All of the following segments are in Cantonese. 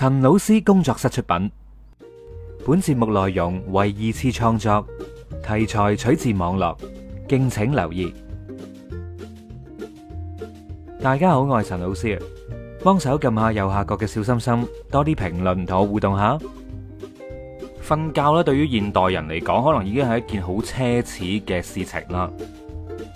陳老師工作室出品，本節目內容為二次創作，題材取自網絡，敬請留意。大家好，我係陳老師啊，幫手撳下右下角嘅小心心，多啲評論同我互動下。瞓覺咧，對於現代人嚟講，可能已經係一件好奢侈嘅事情啦。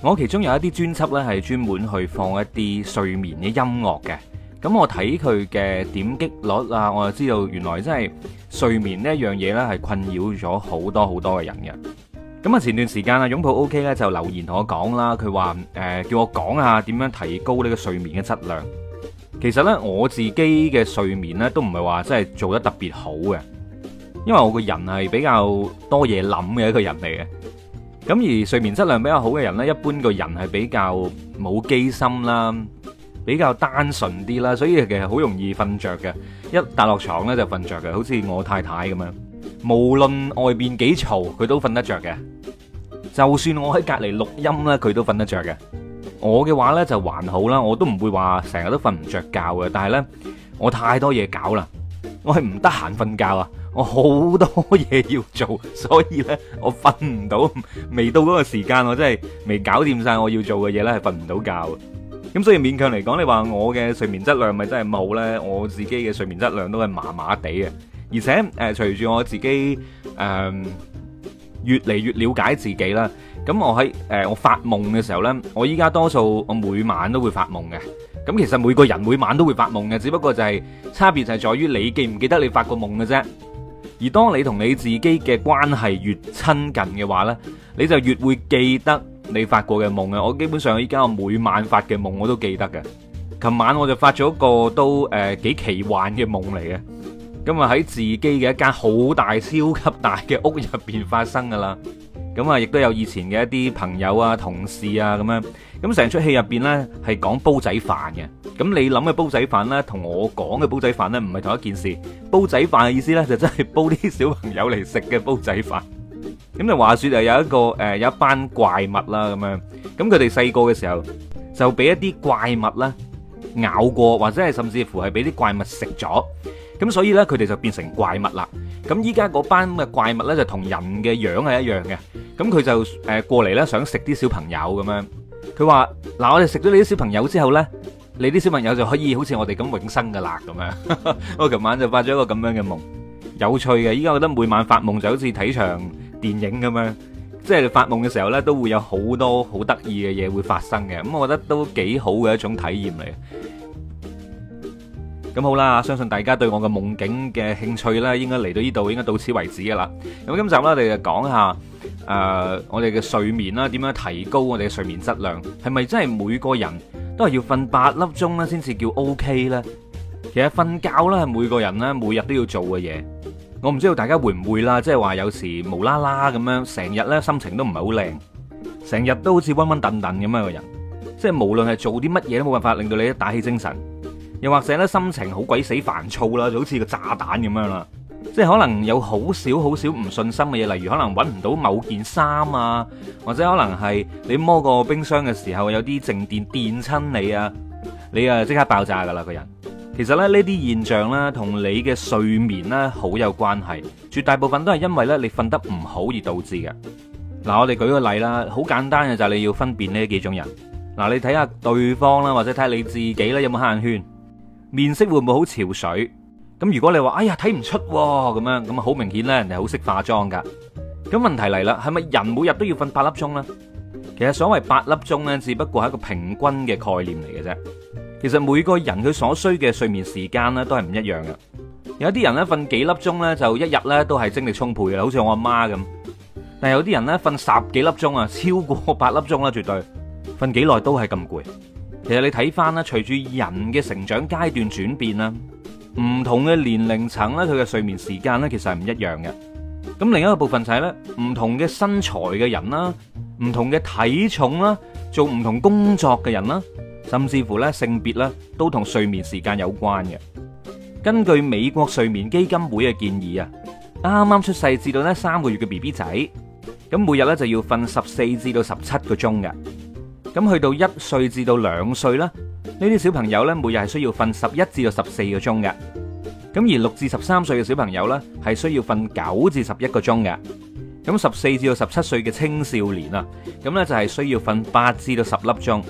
我其中有一啲專輯咧，係專門去放一啲睡眠嘅音樂嘅。咁我睇佢嘅點擊率啊，我就知道原來真係睡眠呢樣嘢呢，係困擾咗好多好多嘅人嘅。咁啊，前段時間啊，擁抱 OK 呢就留言同我講啦，佢話誒叫我講下點樣提高呢個睡眠嘅質量。其實呢我自己嘅睡眠呢都唔係話真係做得特別好嘅，因為我個人係比較多嘢諗嘅一個人嚟嘅。咁而睡眠質量比較好嘅人呢，一般個人係比較冇機心啦。比較單純啲啦，所以其實好容易瞓着嘅，一打落床咧就瞓着嘅，好似我太太咁樣。無論外邊幾嘈，佢都瞓得着嘅。就算我喺隔籬錄音咧，佢都瞓得着嘅。我嘅話咧就還好啦，我都唔會話成日都瞓唔着覺嘅。但係咧，我太多嘢搞啦，我係唔得閒瞓覺啊，我好多嘢要做，所以咧我瞓唔到，未到嗰個時間，我真係未搞掂晒我要做嘅嘢咧，係瞓唔到覺。咁所以勉強嚟講，你話我嘅睡眠質量咪真係冇呢？我自己嘅睡眠質量都係麻麻地嘅，而且誒，隨住我自己誒越嚟越了解自己啦。咁我喺誒我發夢嘅時候呢，我依家多數我每晚都會發夢嘅。咁其實每個人每晚都會發夢嘅，只不過就係差別就係在於你記唔記得你發過夢嘅啫。而當你同你自己嘅關係越親近嘅話呢，你就越會記得。你發過嘅夢啊，我基本上依家我每晚發嘅夢我都記得嘅。琴晚我就發咗個都誒幾、呃、奇幻嘅夢嚟嘅，咁啊喺自己嘅一間好大超級大嘅屋入邊發生噶啦，咁啊亦都有以前嘅一啲朋友啊同事啊咁樣，咁成出戲入邊呢係講煲仔飯嘅，咁、嗯、你諗嘅煲仔飯呢，同我講嘅煲仔飯呢唔係同一件事，煲仔飯嘅意思呢，就真、是、係煲啲小朋友嚟食嘅煲仔飯。咁就話説啊，有一個誒有一班怪物啦，咁樣咁佢哋細個嘅時候就俾一啲怪物啦咬過，或者係甚至乎係俾啲怪物食咗，咁所以咧佢哋就變成怪物啦。咁依家嗰班嘅怪物咧就同人嘅樣係一樣嘅，咁佢就誒過嚟咧想食啲小朋友咁樣。佢話：嗱，我哋食咗你啲小朋友之後咧，你啲小朋友就可以好似我哋咁永生㗎啦咁樣。 我琴晚就發咗一個咁樣嘅夢，有趣嘅。依家我覺得每晚發夢就好似睇場電影咁樣，即係你發夢嘅時候呢，都會有好多好得意嘅嘢會發生嘅。咁我覺得都幾好嘅一種體驗嚟。咁好啦，相信大家對我嘅夢境嘅興趣呢，應該嚟到呢度應該到此為止噶啦。咁今集呢，我哋就講下誒、呃、我哋嘅睡眠啦，點樣提高我哋嘅睡眠質量？係咪真係每個人都係要瞓八粒鐘呢？先至叫 OK 呢？其實瞓覺呢，係每個人呢每日都要做嘅嘢。我唔知道大家會唔會啦，即係話有時無啦啦咁樣，成日咧心情都唔係好靚，成日都好似鬱鬱頓頓咁樣嘅人，即係無論係做啲乜嘢都冇辦法令到你打起精神，又或者咧心情好鬼死煩躁啦，就好似個炸彈咁樣啦，即係可能有好少好少唔順心嘅嘢，例如可能揾唔到某件衫啊，或者可能係你摸個冰箱嘅時候有啲靜電電親你啊，你啊即刻爆炸噶啦個人。其實咧呢啲現象咧同你嘅睡眠咧好有關係，絕大部分都係因為咧你瞓得唔好而導致嘅。嗱，我哋舉個例啦，好簡單嘅就係你要分辨呢幾種人。嗱，你睇下對方啦，或者睇下你自己咧，有冇黑眼圈，面色會唔會好憔悴？咁如果你話哎呀睇唔出咁樣，咁啊好明顯呢，人哋好識化妝噶。咁問題嚟啦，係咪人每日都要瞓八粒鐘呢？其實所謂八粒鐘呢，只不過係一個平均嘅概念嚟嘅啫。其實每個人佢所需嘅睡眠時間咧都係唔一樣嘅，有啲人咧瞓幾粒鐘咧就一日咧都係精力充沛嘅，好似我阿媽咁。但係有啲人咧瞓十幾粒鐘啊，超過八粒鐘啦，絕對瞓幾耐都係咁攰。其實你睇翻咧，隨住人嘅成長階段轉變啦，唔同嘅年齡層咧，佢嘅睡眠時間咧其實係唔一樣嘅。咁另一個部分就係咧，唔同嘅身材嘅人啦，唔同嘅體重啦，做唔同工作嘅人啦。甚至乎咧，性別咧都同睡眠時間有關嘅。根據美國睡眠基金會嘅建議啊，啱啱出世至到咧三個月嘅 BB 仔，咁每日咧就要瞓十四至到十七個鐘嘅。咁去到一歲至到兩歲啦，呢啲小朋友咧每日係需要瞓十一至到十四個鐘嘅。咁而六至十三歲嘅小朋友咧係需要瞓九至十一個鐘嘅。咁十四至到十七歲嘅青少年啊，咁咧就係需要瞓八至到十粒鐘。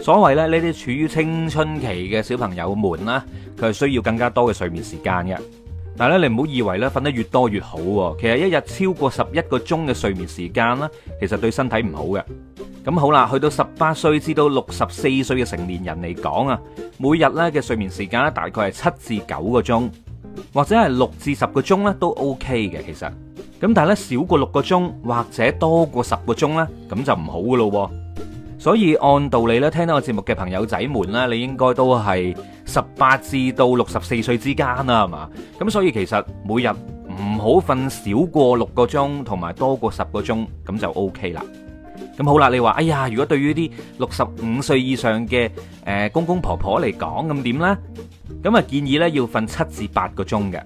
所謂咧，呢啲處於青春期嘅小朋友們啦，佢係需要更加多嘅睡眠時間嘅。但係咧，你唔好以為呢瞓得越多越好。其實一日超過十一個鐘嘅睡眠時間啦，其實對身體唔好嘅。咁好啦，去到十八歲至到六十四歲嘅成年人嚟講啊，每日咧嘅睡眠時間咧，大概係七至九個鐘，或者係六至十個鐘咧都 OK 嘅。其實，咁但係咧少過六個鐘或者多過十個鐘呢，咁就唔好噶咯。所以按道理咧，聽到我節目嘅朋友仔們咧，你應該都係十八至到六十四歲之間啦，係嘛？咁所以其實每日唔好瞓少過六個鐘，同埋多過十個鐘，咁就 O K 啦。咁好啦，你話哎呀，如果對於啲六十五歲以上嘅誒、呃、公公婆婆嚟講，咁點呢？咁啊建議呢要瞓七至八個鐘嘅。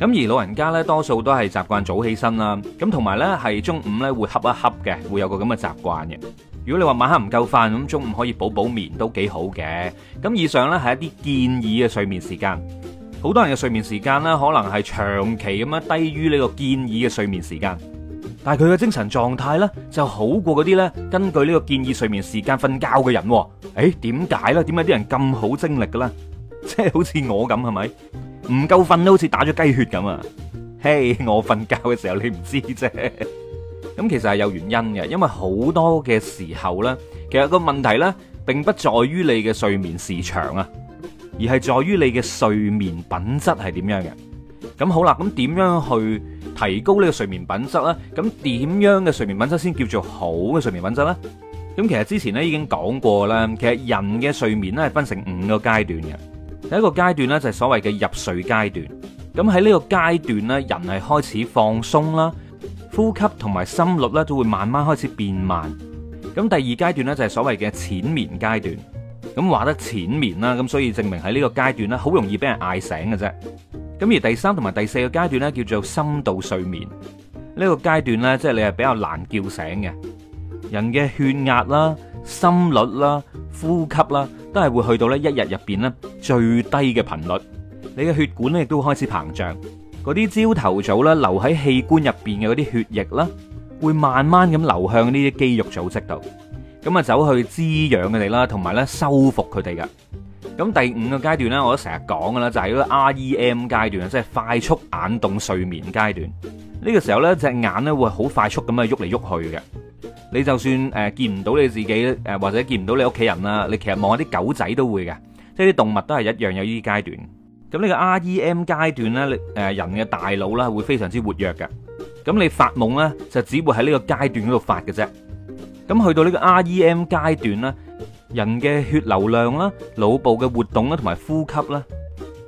咁而老人家呢，多數都係習慣早起身啦，咁同埋呢係中午呢會瞌一瞌嘅，會有個咁嘅習慣嘅。如果你話晚黑唔夠瞓咁，中午可以補補眠都幾好嘅。咁以上呢係一啲建議嘅睡眠時間。好多人嘅睡眠時間呢，可能係長期咁樣低於呢個建議嘅睡眠時間。但係佢嘅精神狀態呢，就好過嗰啲呢根據呢個建議睡眠時間瞓覺嘅人。誒、欸，點解呢？點解啲人咁好精力嘅咧？即 係好似我咁係咪？唔夠瞓都好似打咗雞血咁啊！嘿、hey，我瞓覺嘅時候你唔知啫。咁其實係有原因嘅，因為好多嘅時候呢，其實個問題呢並不在於你嘅睡眠時長啊，而係在於你嘅睡眠品質係點樣嘅。咁好啦，咁點樣去提高呢個睡眠品質呢？咁點樣嘅睡眠品質先叫做好嘅睡眠品質呢？咁其實之前呢已經講過啦，其實人嘅睡眠呢係分成五個階段嘅。第一個階段呢，就係所謂嘅入睡階段，咁喺呢個階段呢，人係開始放鬆啦。呼吸同埋心率咧都會慢慢開始變慢，咁第二階段咧就係所謂嘅淺眠階段，咁話得淺眠啦，咁所以證明喺呢個階段咧好容易俾人嗌醒嘅啫。咁而第三同埋第四個階段咧叫做深度睡眠，呢個階段咧即係你係比較難叫醒嘅，人嘅血壓啦、心率啦、呼吸啦都係會去到咧一日入邊咧最低嘅頻率，你嘅血管咧亦都開始膨脹。嗰啲朝頭早啦，流喺器官入邊嘅嗰啲血液啦，會慢慢咁流向呢啲肌肉組織度，咁啊走去滋養佢哋啦，同埋咧修復佢哋噶。咁第五個階段咧，我都成日講噶啦，就係嗰個 R E M 階段啊，即係快速眼動睡眠階段。呢個時候咧，隻眼咧會好快速咁啊喐嚟喐去嘅。你就算誒見唔到你自己誒，或者見唔到你屋企人啦，你其實望下啲狗仔都會嘅，即係啲動物都係一樣有呢啲階段。咁呢個 REM 階段咧，你誒人嘅大腦咧，會非常之活躍嘅。咁你發夢咧，就只會喺呢個階段嗰度發嘅啫。咁去到呢個 REM 階段咧，人嘅血流量啦、腦部嘅活動啦、同埋呼吸啦，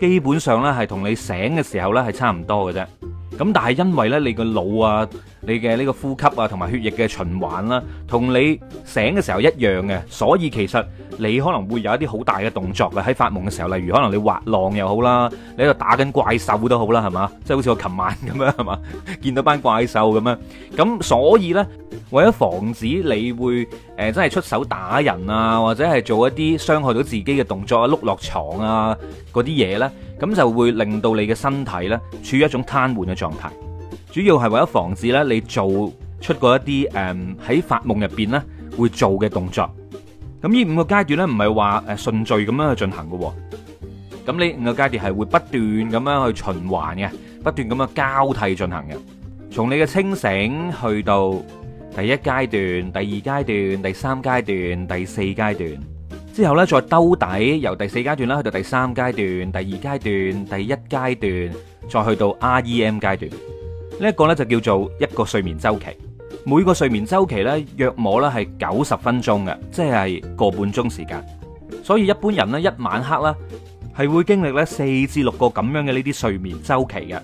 基本上咧係同你醒嘅時候咧係差唔多嘅啫。咁但係因為咧，你個腦啊～你嘅呢個呼吸啊，同埋血液嘅循環啦，同你醒嘅時候一樣嘅，所以其實你可能會有一啲好大嘅動作嘅，喺發夢嘅時候，例如可能你滑浪又好啦，你喺度打緊怪獸都好啦，係嘛，即係好似我琴晚咁樣，係嘛，見到班怪獸咁樣，咁所以呢，為咗防止你會誒真係出手打人啊，或者係做一啲傷害到自己嘅動作啊，碌落床啊嗰啲嘢呢，咁就會令到你嘅身體呢處於一種癱瘓嘅狀態。主要係為咗防止咧，你做出過一啲誒喺發夢入邊咧會做嘅動作。咁呢五個階段咧，唔係話誒順序咁樣去進行嘅。咁呢五個階段係會不斷咁樣去循環嘅，不斷咁樣交替進行嘅。從你嘅清醒去到第一階段、第二階段、第三階段、第四階段，之後咧再兜底，由第四階段啦去到第三階段、第二階段、第一階段，再去到 REM 階段。呢一個呢就叫做一個睡眠周期。每個睡眠周期呢，約摸咧係九十分鐘嘅，即係個半鐘時間。所以一般人呢，一晚黑啦係會經歷呢四至六個咁樣嘅呢啲睡眠周期嘅。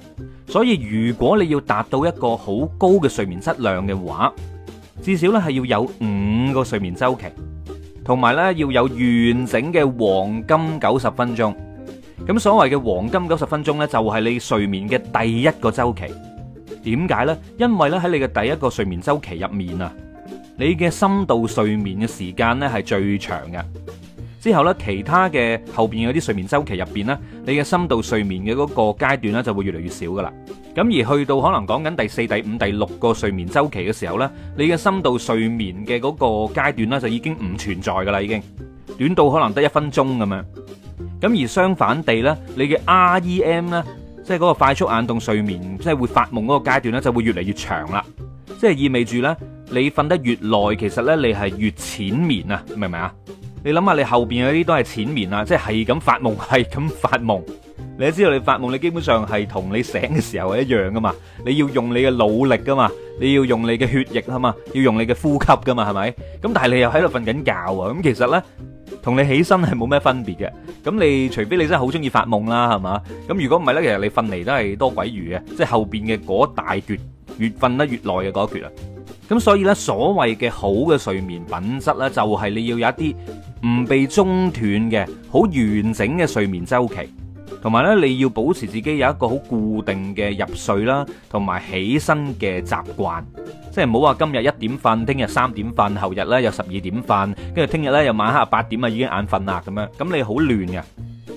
所以如果你要達到一個好高嘅睡眠質量嘅話，至少呢係要有五個睡眠周期，同埋呢要有完整嘅黃金九十分鐘。咁所謂嘅黃金九十分鐘呢，就係你睡眠嘅第一個周期。點解呢？因為呢喺你嘅第一個睡眠周期入面啊，你嘅深度睡眠嘅時間呢係最長嘅。之後呢，其他嘅後邊嘅啲睡眠周期入邊呢，你嘅深度睡眠嘅嗰個階段呢就會越嚟越少噶啦。咁而去到可能講緊第四、第五、第六個睡眠周期嘅時候呢，你嘅深度睡眠嘅嗰個階段呢就已經唔存在噶啦，已經短到可能得一分鐘咁樣。咁而相反地呢，你嘅 REM 呢。即係嗰個快速眼動睡眠，即係會發夢嗰個階段咧，就會越嚟越長啦。即係意味住咧，你瞓得越耐，其實咧你係越淺眠啊，明唔明啊？你諗下，你後邊嗰啲都係淺眠啊，即係係咁發夢，係咁發夢。你都知道你發夢，你基本上係同你醒嘅時候係一樣噶嘛。你要用你嘅腦力噶嘛，你要用你嘅血液啊嘛，要用你嘅呼吸噶嘛，係咪？咁但係你又喺度瞓緊覺啊，咁其實咧。同你起身係冇咩分別嘅，咁你除非你真係好中意發夢啦，係嘛？咁如果唔係呢，其實你瞓嚟都係多鬼餘嘅，即係後邊嘅嗰一橛，越瞓得越耐嘅嗰一橛啊！咁所以呢，所謂嘅好嘅睡眠品質呢，就係你要有一啲唔被中斷嘅好完整嘅睡眠周期。同埋咧，你要保持自己有一個好固定嘅入睡啦，同埋起身嘅習慣，即係唔好話今日一點瞓，聽日三點瞓，後日咧又十二點瞓，跟住聽日咧又晚黑八點啊，已經眼瞓啊咁樣，咁你好亂嘅。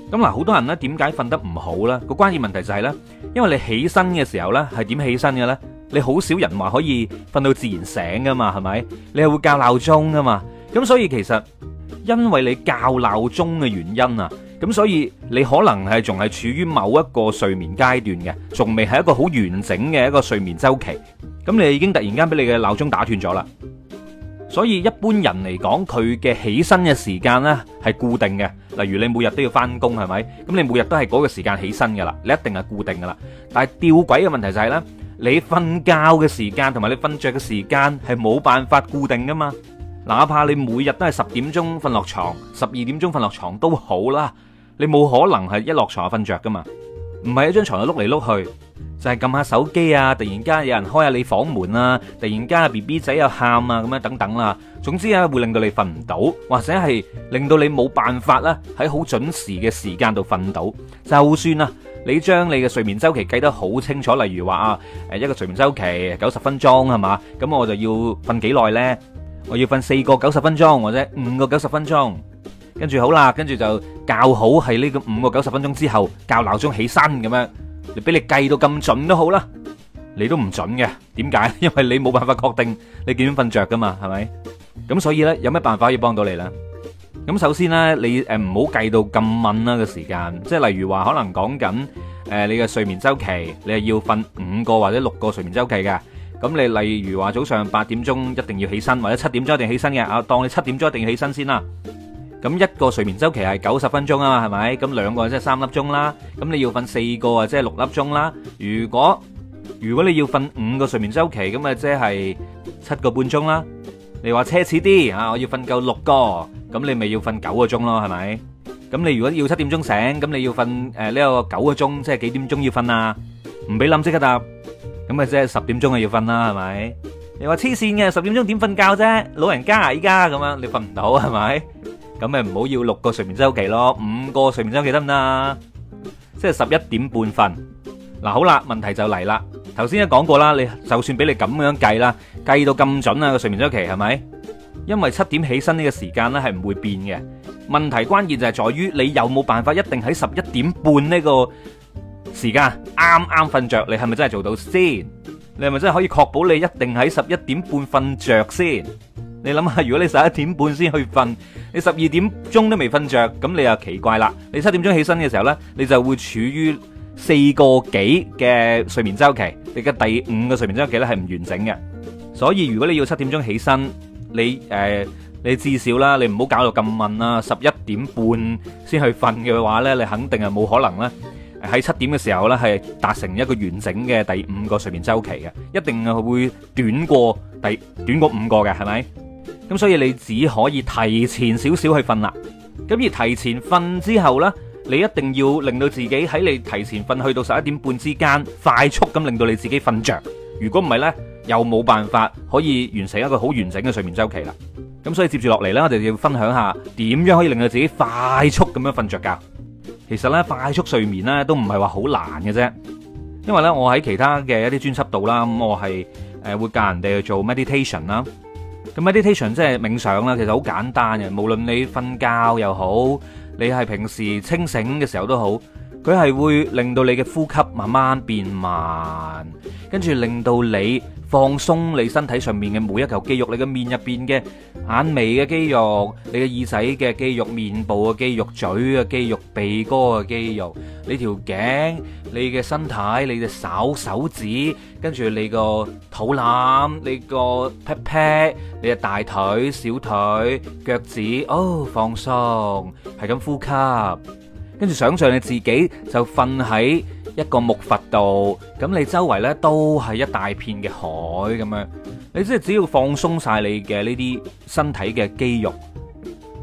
咁嗱，好多人咧，點解瞓得唔好咧？個關鍵問題就係咧，因為你起身嘅時候咧係點起身嘅咧？你好少人話可以瞓到自然醒噶嘛？係咪？你係會較鬧鐘噶嘛？咁所以其實因為你較鬧鐘嘅原因啊。咁所以你可能係仲係處於某一個睡眠階段嘅，仲未係一個好完整嘅一個睡眠周期。咁你已經突然間俾你嘅鬧鐘打斷咗啦。所以一般人嚟講，佢嘅起身嘅時間呢係固定嘅。例如你每日都要翻工，係咪？咁你每日都係嗰個時間起身噶啦，你一定係固定噶啦。但係弔詭嘅問題就係呢，你瞓覺嘅時間同埋你瞓著嘅時間係冇辦法固定噶嘛。哪怕你每日都係十點鐘瞓落床，十二點鐘瞓落床都好啦。你冇可能係一落床就瞓著噶嘛？唔係一張床就碌嚟碌去，就係撳下手機啊，突然間有人開下你房門啊，突然間 BB 仔又喊啊咁樣等等啦。總之啊，會令到你瞓唔到，或者係令到你冇辦法啦，喺好準時嘅時間度瞓到。就算啊，你將你嘅睡眠周期計得好清楚，例如話啊，誒一個睡眠周期九十分鐘係嘛？咁我就要瞓幾耐呢？我要瞓四個九十分鐘或者五個九十分鐘。跟住好啦，跟住就校好係呢個五個九十分鐘之後校鬧鐘起身咁樣，你俾你計到咁準都好啦，你都唔準嘅，點解？因為你冇辦法確定你幾點瞓着噶嘛，係咪？咁所以呢，有咩辦法可以幫到你呢？咁首先呢，你誒唔好計到咁敏啦個時間，即係例如話可能講緊誒你嘅睡眠週期，你係要瞓五個或者六個睡眠週期嘅。咁你例如話早上八點鐘一定要起身，或者七點鐘一定起身嘅，啊，當你七點鐘一定要起身先啦。咁一個睡眠周期係九十分鐘啊嘛，係咪？咁兩個即係三粒鐘啦。咁你要瞓四個啊，即係六粒鐘啦。如果如果你要瞓五個睡眠周期，咁啊即係七個半鐘啦。你話奢侈啲啊，我要瞓夠六個，咁你咪要瞓九個鐘咯，係咪？咁你如果要七點鐘醒，咁你要瞓誒呢個九個鐘，即係幾點鐘要瞓啊？唔俾諗，即刻答咁啊！即係十點鐘啊，要瞓啦，係咪？你話黐線嘅，十點鐘點瞓覺啫？老人家啊，依家，咁樣你瞓唔到係咪？咁咪唔好要六個睡眠周期咯，五個睡眠周期得唔得啊？即係十一點半瞓嗱，啊，好啦，問題就嚟啦。頭先都講過啦，你就算俾你咁樣計啦，計到咁準啊個睡眠周期係咪？因為七點起身呢個時間呢係唔會變嘅。問題關鍵就係在於你有冇辦法一定喺十一點半呢個時間啱啱瞓着。你係咪真係做到先？你係咪真係可以確保你一定喺十一點半瞓着先？你諗下，如果你十一點半先去瞓，你十二點鐘都未瞓着，咁你又奇怪啦。你七點鐘起身嘅時候呢，你就會處於四個幾嘅睡眠周期，你嘅第五個睡眠周期呢，係唔完整嘅。所以如果你要七點鐘起身，你誒、呃、你至少啦，你唔好搞到咁瞓啦。十一點半先去瞓嘅話呢，你肯定係冇可能啦。喺七點嘅時候呢，係達成一個完整嘅第五個睡眠周期嘅，一定係會短過第短過五個嘅，係咪？咁所以你只可以提前少少去瞓啦。咁而提前瞓之後呢，你一定要令到自己喺你提前瞓去到十一點半之間，快速咁令到你自己瞓着。如果唔係呢，又冇辦法可以完成一個好完整嘅睡眠周期啦。咁所以接住落嚟呢，我哋就要分享下點樣可以令到自己快速咁樣瞓着㗎。其實呢，快速睡眠呢都唔係話好難嘅啫。因為呢，我喺其他嘅一啲專輯度啦，咁我係誒會教人哋去做 meditation 啦。咁 meditation 即係冥想啦，其實好簡單嘅，無論你瞓覺又好，你係平時清醒嘅時候都好。佢係會令到你嘅呼吸慢慢變慢，跟住令到你放鬆你身體上面嘅每一嚿肌肉，你嘅面入邊嘅眼眉嘅肌肉，你嘅耳仔嘅肌肉，面部嘅肌肉，嘴嘅肌肉，鼻哥嘅肌肉，你條頸，你嘅身體，你嘅手手指，跟住你個肚腩，你個屁屁，你嘅大腿、小腿、腳趾，哦，放鬆，係咁呼吸。跟住想象你自己就瞓喺一個木佛木筏度，咁你周圍呢都係一大片嘅海咁樣。你即係只要放鬆晒你嘅呢啲身體嘅肌肉，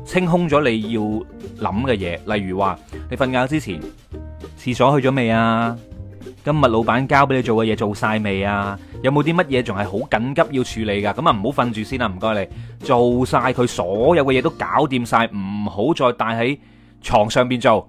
清空咗你要諗嘅嘢，例如話你瞓覺之前，廁所去咗未啊？今日老闆交俾你做嘅嘢做晒未啊？有冇啲乜嘢仲係好緊急要處理噶？咁啊，唔好瞓住先啦，唔該你做晒佢所有嘅嘢都搞掂晒，唔好再帶喺床上邊做。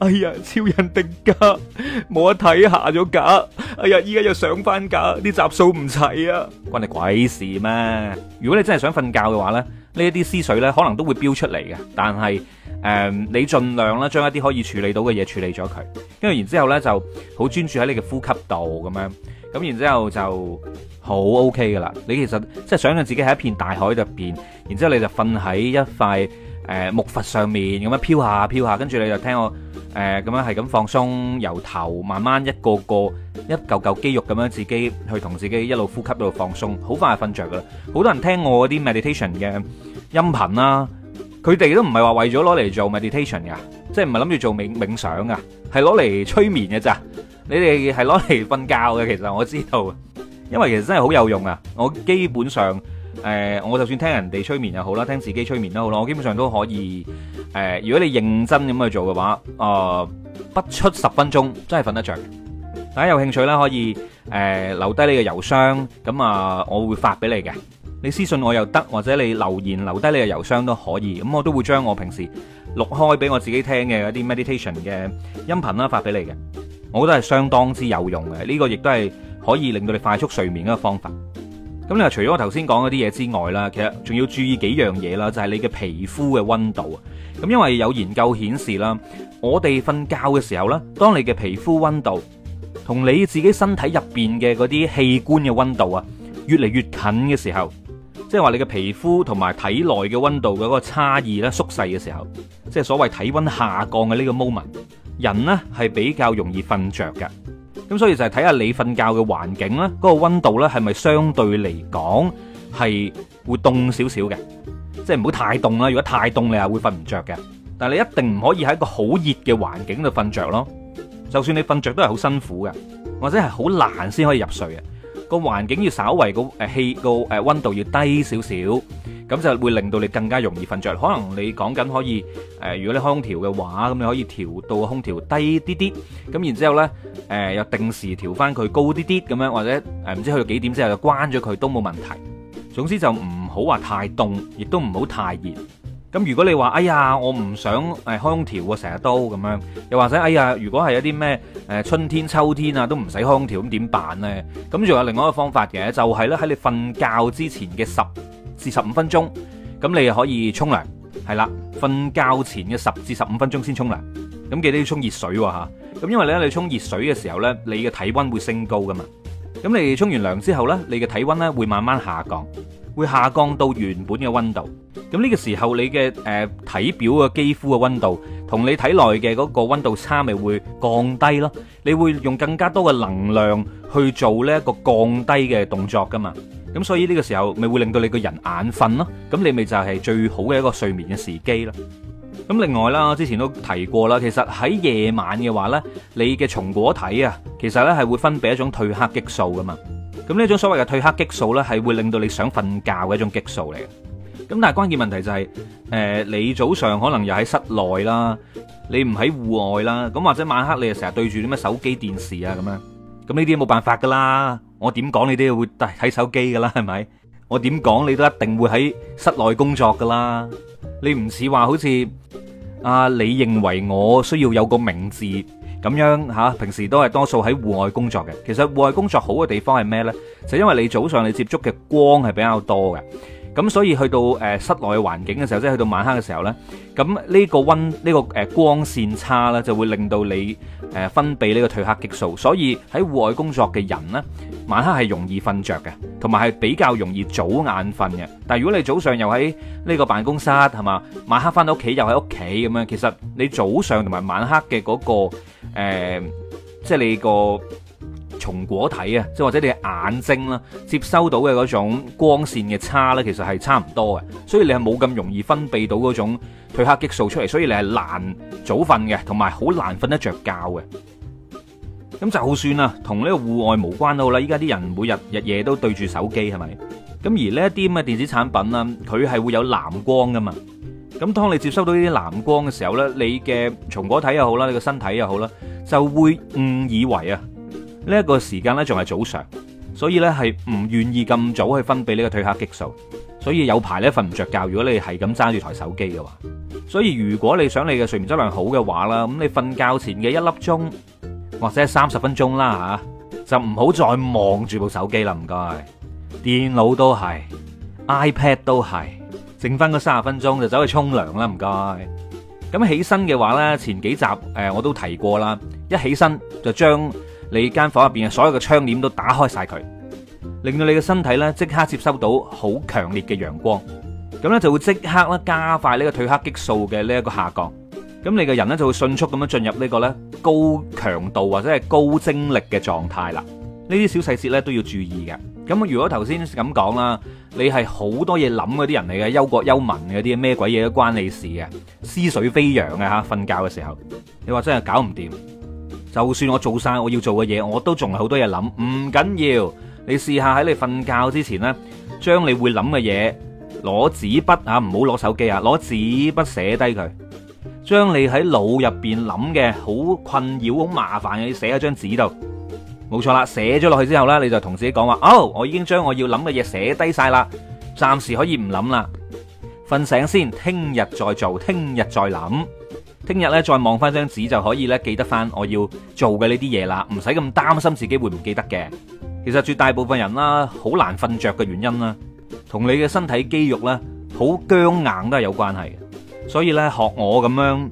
哎呀，超人迪迦冇得睇，下咗架。哎呀，依家又上翻架，啲集數唔齊啊！關你鬼事咩？如果你真係想瞓覺嘅話呢，呢一啲思緒呢可能都會飆出嚟嘅。但係誒、嗯，你盡量咧將一啲可以處理到嘅嘢處理咗佢，跟住然之後咧就好專注喺你嘅呼吸度咁樣。咁然之後就好 OK 噶啦。你其實即係、就是、想象自己喺一片大海入邊，然之後你就瞓喺一塊。誒木筏上面咁樣飄下飄下，跟住你就聽我誒，咁樣係咁放鬆，由頭慢慢一個個一嚿嚿肌肉咁樣自己去同自己一路呼吸一路放鬆，好快瞓著噶啦。好多人聽我嗰啲 meditation 嘅音頻啦，佢哋都唔係話為咗攞嚟做 meditation 噶，即係唔係諗住做冥冥想噶，係攞嚟催眠嘅咋。你哋係攞嚟瞓覺嘅，其實我知道，因為其實真係好有用啊。我基本上。誒，我就算聽人哋催眠又好啦，聽自己催眠都好啦，我基本上都可以。誒，如果你認真咁去做嘅話，啊，不出十分鐘真係瞓得着。大家有興趣咧，可以誒留低你嘅郵箱，咁啊我會發俾你嘅。你私信我又得，或者你留言留低你嘅郵箱都可以。咁我都會將我平時錄開俾我自己聽嘅一啲 meditation 嘅音頻啦，發俾你嘅。我覺得係相當之有用嘅，呢個亦都係可以令到你快速睡眠嘅一個方法。咁你話除咗我頭先講嗰啲嘢之外啦，其實仲要注意幾樣嘢啦，就係你嘅皮膚嘅溫度啊。咁因為有研究顯示啦，我哋瞓覺嘅時候咧，當你嘅皮膚溫度同你自己身體入邊嘅嗰啲器官嘅溫度啊，越嚟越近嘅時候，即係話，你嘅皮膚同埋體內嘅溫度嘅嗰個差異咧縮細嘅時候，即係所謂體溫下降嘅呢個 moment，人咧係比較容易瞓着嘅。咁所以就係睇下你瞓覺嘅環境咧，嗰個温度咧係咪相對嚟講係會凍少少嘅，即係唔好太凍啦。如果太凍你係會瞓唔着嘅，但係你一定唔可以喺一個好熱嘅環境度瞓着咯。就算你瞓着都係好辛苦嘅，或者係好難先可以入睡嘅。個環境要稍為個誒氣個誒溫度要低少少，咁就會令到你更加容易瞓着。可能你講緊可以誒、呃，如果你開空調嘅話，咁你可以調到空調低啲啲。咁然之後呢，誒、呃，又定時調翻佢高啲啲咁樣，或者誒唔、呃、知去到幾點之後就關咗佢都冇問題。總之就唔好話太凍，亦都唔好太熱。咁如果你話哎呀我唔想誒、哎、開空調啊，成日都咁樣，又或者哎呀如果係一啲咩誒春天秋天啊都唔使開空調，咁點辦呢？咁仲有另外一個方法嘅，就係咧喺你瞓覺之前嘅十至十五分鐘，咁你可以沖涼係啦。瞓覺前嘅十至十五分鐘先沖涼，咁記得要沖熱水吓。咁因為咧你沖熱水嘅時候呢，你嘅體溫會升高噶嘛。咁你沖完涼之後呢，你嘅體溫呢，會慢慢下降。會下降到原本嘅温度，咁呢個時候你嘅誒、呃、體表嘅肌膚嘅温度同你體內嘅嗰個温度差咪會降低咯，你會用更加多嘅能量去做呢一個降低嘅動作噶嘛，咁所以呢個時候咪會令到你個人眼瞓咯，咁你咪就係最好嘅一個睡眠嘅時機咯。咁另外啦，我之前都提過啦，其實喺夜晚嘅話呢，你嘅松果體啊，其實呢係會分泌一種褪黑激素噶嘛。咁呢種所謂嘅褪黑激素咧，係會令到你想瞓覺嘅一種激素嚟嘅。咁但係關鍵問題就係，誒你早上可能又喺室內啦，你唔喺戶外啦。咁或者晚黑你又成日對住啲咩手機、電視啊咁樣。咁呢啲冇辦法噶啦。我點講你都要會睇手機噶啦，係咪？我點講你都一定會喺室內工作噶啦。你唔似話好似，啊你認為我需要有個名字？咁樣嚇，平時都係多數喺戶外工作嘅。其實戶外工作好嘅地方係咩呢？就因為你早上你接觸嘅光係比較多嘅，咁所以去到誒室內嘅環境嘅時候，即係去到晚黑嘅時候呢，咁呢個溫呢個誒光線差呢，就會令到你誒分泌呢個褪黑激素。所以喺戶外工作嘅人呢。晚黑係容易瞓着嘅，同埋係比較容易早眼瞓嘅。但係如果你早上又喺呢個辦公室係嘛，晚黑翻到屋企又喺屋企咁樣，其實你早上同埋晚黑嘅嗰個誒，即係你個松果體啊，即係或者你嘅眼睛啦，接收到嘅嗰種光線嘅差咧，其實係差唔多嘅。所以你係冇咁容易分泌到嗰種褪黑激素出嚟，所以你係難早瞓嘅，同埋好難瞓得着覺嘅。咁就算啊，同呢個戶外無關都好啦，依家啲人每日日夜都對住手機係咪？咁而呢一啲咁嘅電子產品啦，佢係會有藍光噶嘛。咁當你接收到呢啲藍光嘅時候呢，你嘅松果體又好啦，你個身體又好啦，就會誤以為啊呢一個時間呢，仲係早上，所以呢係唔願意咁早去分泌呢個褪黑激素，所以有排呢，瞓唔着覺，如果你係咁揸住台手機嘅話，所以如果你想你嘅睡眠質量好嘅話啦，咁你瞓覺前嘅一粒鐘，或者三十分鐘啦嚇、啊，就唔好再望住部手機啦，唔該。電腦都係，iPad 都係，剩翻嗰三十分鐘就走去沖涼啦，唔該。咁起身嘅話呢，前幾集誒、呃、我都提過啦，一起身就將你間房入邊嘅所有嘅窗簾都打開晒佢，令到你嘅身體呢即刻接收到好強烈嘅陽光，咁呢就會即刻咧加快呢個褪黑激素嘅呢一個下降。咁你個人咧就會迅速咁樣進入呢個咧高強度或者係高精力嘅狀態啦。呢啲小細節咧都要注意嘅。咁如果頭先咁講啦，你係好多嘢諗嗰啲人嚟嘅，憂國憂民嗰啲咩鬼嘢都關你事嘅，思緒飛揚嘅嚇。瞓覺嘅時候，你話真係搞唔掂，就算我做晒我要做嘅嘢，我都仲係好多嘢諗。唔緊要，你試下喺你瞓覺之前呢，將你會諗嘅嘢攞紙筆啊，唔好攞手機啊，攞紙筆寫低佢。將你喺腦入邊諗嘅好困擾、好麻煩嘅嘢寫喺張紙度，冇錯啦，寫咗落去之後呢，你就同自己講話：哦，我已經將我要諗嘅嘢寫低晒啦，暫時可以唔諗啦，瞓醒先，聽日再做，聽日再諗，聽日呢，再望翻張紙就可以呢，記得翻我要做嘅呢啲嘢啦，唔使咁擔心自己會唔記得嘅。其實絕大部分人啦，好難瞓着嘅原因啦，同你嘅身體肌肉呢，好僵硬都係有關係嘅。所以咧，學我咁樣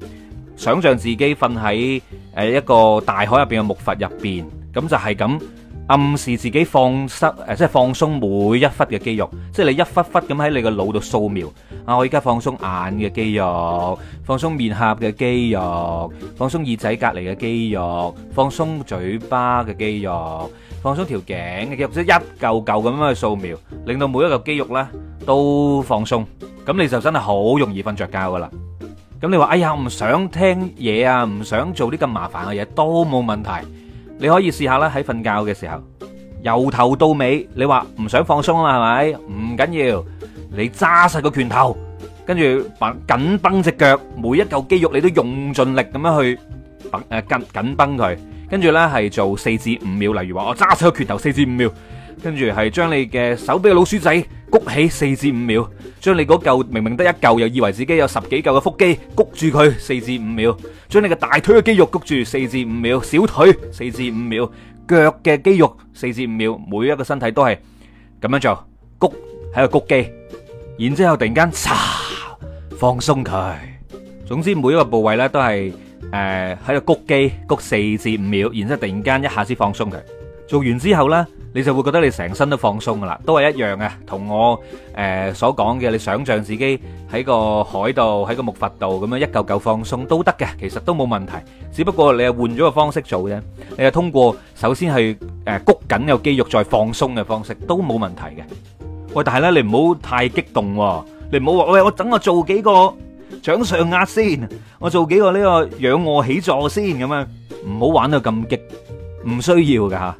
想像自己瞓喺誒一個大海入邊嘅木筏入邊，咁就係咁暗示自己放鬆，誒即係放鬆每一忽嘅肌肉，即係你一忽忽咁喺你個腦度掃描。啊，我而家放鬆眼嘅肌肉，放鬆面頰嘅肌肉，放鬆耳仔隔離嘅肌肉，放鬆嘴巴嘅肌肉，放鬆條頸嘅肌肉，一嚿嚿咁樣去掃描，令到每一嚿肌肉咧都放鬆。咁你就真係好容易瞓著覺噶啦。咁你話哎呀，唔想聽嘢啊，唔想做啲咁麻煩嘅嘢都冇問題。你可以試下啦，喺瞓覺嘅時候，由頭到尾，你話唔想放鬆啊嘛，係咪？唔緊要，你揸實個拳頭，跟住繃緊繃隻腳，每一嚿肌肉你都用盡力咁樣去繃誒緊緊繃佢，跟住呢係做四至五秒。例如話我揸實個拳頭四至五秒，跟住係將你嘅手臂嘅老鼠仔。谷起四至五秒，將你嗰嚿明明得一嚿，又以為自己有十幾嚿嘅腹肌，谷住佢四至五秒，將你嘅大腿嘅肌肉谷住四至五秒，小腿四至五秒，腳嘅肌肉四至五秒，每一個身體都係咁樣做，谷喺度谷肌，然之後突然間，唰，放鬆佢。總之每一個部位呢都係誒喺度谷肌谷四至五秒，然之後突然間一下子放鬆佢。做完之後呢。你就會覺得你成身都放鬆噶啦，都係一樣嘅，同我誒所講嘅，你想象自己喺個海度，喺個木筏度咁樣一嚿嚿放鬆都得嘅，其實都冇問題，只不過你係換咗個方式做啫，你係通過首先係誒谷緊有肌肉再放鬆嘅方式都冇問題嘅。喂，但係咧你唔好太激動喎，你唔好話喂，我等我做幾個掌上壓先，我做幾個呢個仰卧起坐先咁樣，唔好玩到咁激，唔需要噶吓。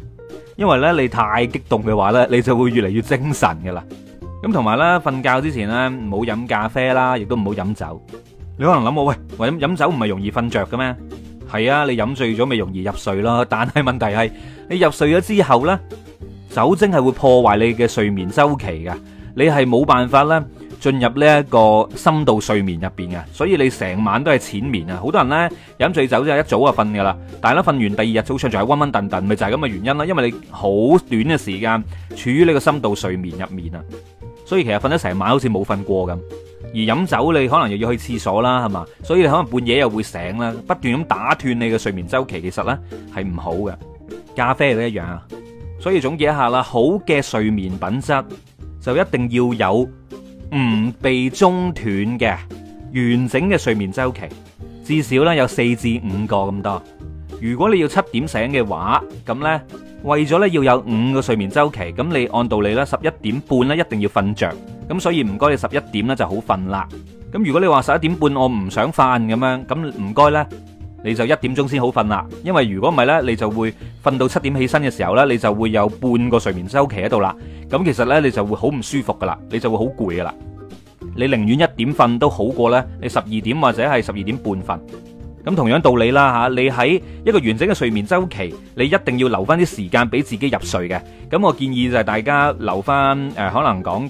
因為咧你太激動嘅話咧，你就會越嚟越精神噶啦。咁同埋咧，瞓覺之前咧，唔好飲咖啡啦，亦都唔好飲酒。你可能諗我喂，喂飲飲酒唔係容易瞓着嘅咩？係啊，你飲醉咗咪容易入睡咯。但係問題係，你入睡咗之後咧，酒精係會破壞你嘅睡眠周期嘅，你係冇辦法呢。進入呢一個深度睡眠入邊啊，所以你成晚都係淺眠啊！好多人呢，飲醉酒之後一早就瞓噶啦，但係咧瞓完第二日早上就係暈暈沌沌，咪就係咁嘅原因啦。因為你好短嘅時間處於呢個深度睡眠入面啊，就是，所以其實瞓咗成晚好似冇瞓過咁。而飲酒你可能又要去廁所啦，係嘛，所以你可能半夜又會醒啦，不斷咁打斷你嘅睡眠周期，其實呢係唔好嘅。咖啡都一樣啊。所以總結一下啦，好嘅睡眠品質就一定要有，唔被中斷嘅完整嘅睡眠周期，至少咧有四至五個咁多。如果你要七點醒嘅話，咁呢為咗咧要有五個睡眠周期，咁你按道理呢，十一點半咧一定要瞓着。咁所以唔該你十一點咧就好瞓啦。咁如果你話十一點半我唔想瞓咁樣，咁唔該呢。你就一點鐘先好瞓啦，因為如果唔係呢，你就會瞓到七點起身嘅時候呢，你就會有半個睡眠週期喺度啦。咁其實呢，你就會好唔舒服㗎喇，你就會好攰㗎喇。你寧願一點瞓都好過呢，你十二點或者係十二點半瞓。咁同樣道理啦嚇，你喺一個完整嘅睡眠周期，你一定要留翻啲時間俾自己入睡嘅。咁我建議就係大家留翻誒、呃，可能講緊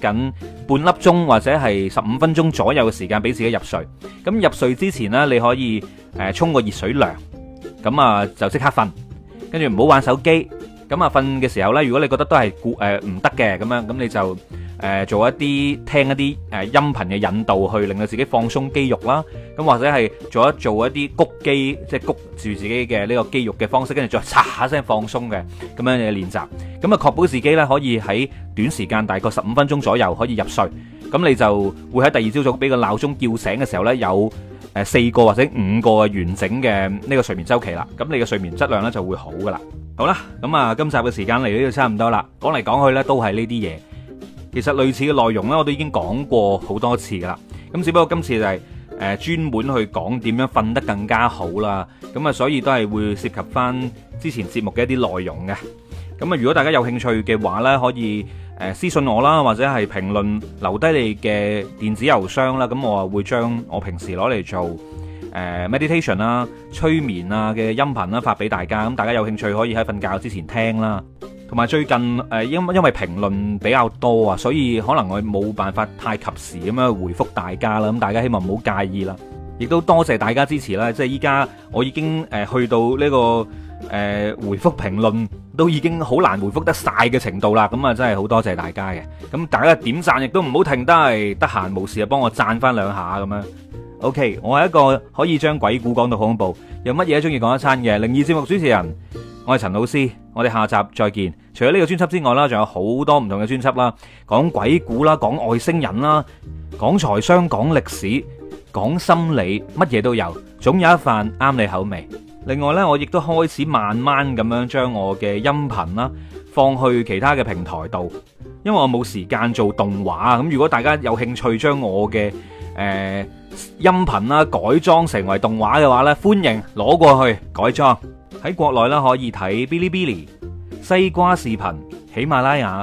半粒鐘或者係十五分鐘左右嘅時間俾自己入睡。咁入睡之前呢，你可以誒沖、呃、個熱水涼，咁啊就即刻瞓，跟住唔好玩手機。咁啊，瞓嘅時候呢，如果你覺得都係瞓誒唔得嘅咁樣，咁、呃、你就誒、呃、做一啲聽一啲誒、呃、音頻嘅引導，去令到自己放鬆肌肉啦。咁或者係做一做一啲谷肌，即係谷住自己嘅呢個肌肉嘅方式，跟住再嚓下聲放鬆嘅咁樣嘅練習。咁啊，確保自己呢，可以喺短時間，大概十五分鐘左右可以入睡。咁你就會喺第二朝早俾個鬧鐘叫醒嘅時候呢，有誒四個或者五個完整嘅呢個睡眠週期啦。咁你嘅睡眠質量呢，就會好噶啦。好啦，咁啊，今集嘅時間嚟到差唔多啦。講嚟講去呢，都係呢啲嘢。其實類似嘅內容呢，我都已經講過好多次噶啦。咁只不過今次就係誒專門去講點樣瞓得更加好啦。咁啊，所以都係會涉及翻之前節目嘅一啲內容嘅。咁啊，如果大家有興趣嘅話呢，可以誒私信我啦，或者係評論留低你嘅電子郵箱啦。咁我啊會將我平時攞嚟做。誒，Meditation 啦、呃、Meditation，催眠啊嘅音頻啦，發俾大家，咁大家有興趣可以喺瞓覺之前聽啦。同埋最近誒、呃，因因為評論比較多啊，所以可能我冇辦法太及時咁樣回複大家啦。咁大家希望唔好介意啦，亦都多謝、謝大家支持啦。即係依家我已經誒、呃、去到呢、這個誒、呃、回複評論都已經好難回複得晒嘅程度啦。咁啊真係好多謝大家嘅。咁大家點讚亦都唔好停低，得閒冇事啊幫我讚翻兩下咁樣。O.K. 我係一個可以將鬼故講到恐怖，有乜嘢都中意講一餐嘅靈異節目主持人。我係陳老師，我哋下集再見。除咗呢個專輯之外啦，仲有好多唔同嘅專輯啦，講鬼故啦，講外星人啦，講財商，講歷史，講心理，乜嘢都有，總有一瓣啱你口味。另外呢，我亦都開始慢慢咁樣將我嘅音頻啦放去其他嘅平台度，因為我冇時間做動畫。咁如果大家有興趣將我嘅，誒，音頻啦，改裝成為動畫嘅話咧，歡迎攞過去改裝。喺國內啦，可以睇嗶哩嗶哩、西瓜視頻、喜馬拉雅，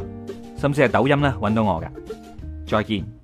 甚至係抖音咧，揾到我嘅。再見。